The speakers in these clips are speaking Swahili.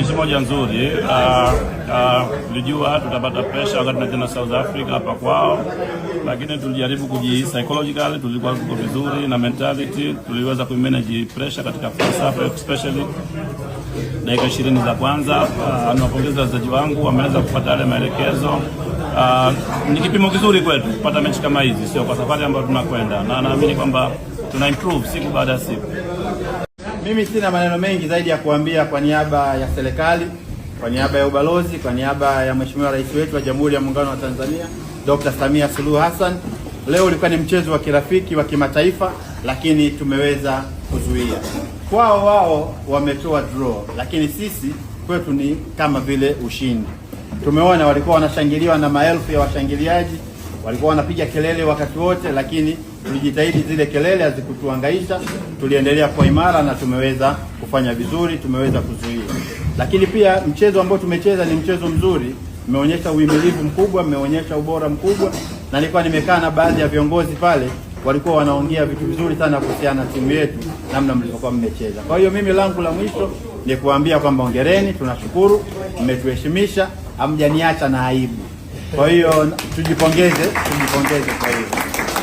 mechi moja nzuri. Ah, ah, tulijua uh, uh, tutapata pressure wakati tunacheza South Africa hapa kwao, lakini tulijaribu kuji psychologically, tulikuwa tuko vizuri na mentality, tuliweza kuimanage pressure katika first half especially dakika ishirini za kwanza. Uh, ah, niwapongeza wachezaji wangu wameweza kupata yale maelekezo. Uh, ni kipimo kizuri kwetu kupata mechi kama hizi, sio kwa safari ambayo tunakwenda, na naamini kwamba tuna improve siku baada ya siku. Mimi sina maneno mengi zaidi ya kuambia kwa niaba ya serikali, kwa niaba ya ubalozi, kwa niaba ya Mheshimiwa Rais wetu wa Jamhuri ya Muungano wa Tanzania Dr. Samia Suluhu Hassan. Leo ulikuwa ni mchezo wa kirafiki wa kimataifa, lakini tumeweza kuzuia. Kwao wao wametoa draw, lakini sisi kwetu ni kama vile ushindi. Tumeona walikuwa wanashangiliwa na maelfu ya washangiliaji walikuwa wanapiga kelele wakati wote, lakini tulijitahidi zile kelele hazikutuangaisha Tuliendelea kwa imara na tumeweza kufanya vizuri, tumeweza kuzuia. Lakini pia mchezo ambao tumecheza ni mchezo mzuri, mmeonyesha uhimilivu mkubwa, mmeonyesha ubora mkubwa, na nilikuwa nimekaa na baadhi ya viongozi pale, walikuwa wanaongea vitu vizuri sana kuhusiana na timu yetu, namna mlivyokuwa mmecheza. Kwa hiyo mimi langu la mwisho ni kuambia kwamba ongereni, tunashukuru, mmetuheshimisha, hamjaniacha na aibu. Kwa hiyo tujipongeze, tujipongeze kwa hiyo.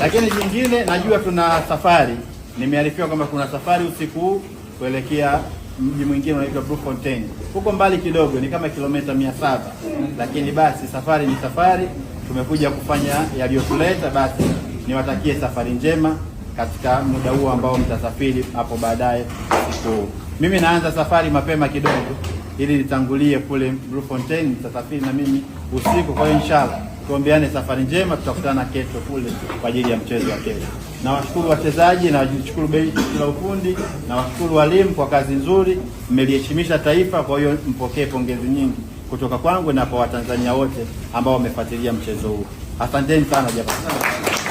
Lakini jingine, najua tuna safari, nimearifiwa kwamba kuna safari usiku huu kuelekea mji mwingine unaitwa Bloemfontein, huko mbali kidogo, ni kama kilomita mia saba, lakini basi safari ni safari. Tumekuja kufanya yaliyotuleta, basi niwatakie safari njema katika muda huo ambao mtasafiri hapo baadaye usiku huu. Mimi naanza safari mapema kidogo ili litangulie kule Bluefontaine, Nitasafiri na mimi usiku, kwa hiyo inshallah tuombeane safari njema, tutakutana kesho kule kwa ajili ya mchezo wa kesho. Na washukuru wachezaji na washukuru benchi la ufundi na washukuru walimu kwa kazi nzuri, mmeliheshimisha taifa. Kwa hiyo mpokee pongezi nyingi kutoka kwangu na kwa Watanzania wote ambao wamefuatilia mchezo huu. Asanteni sana jamani.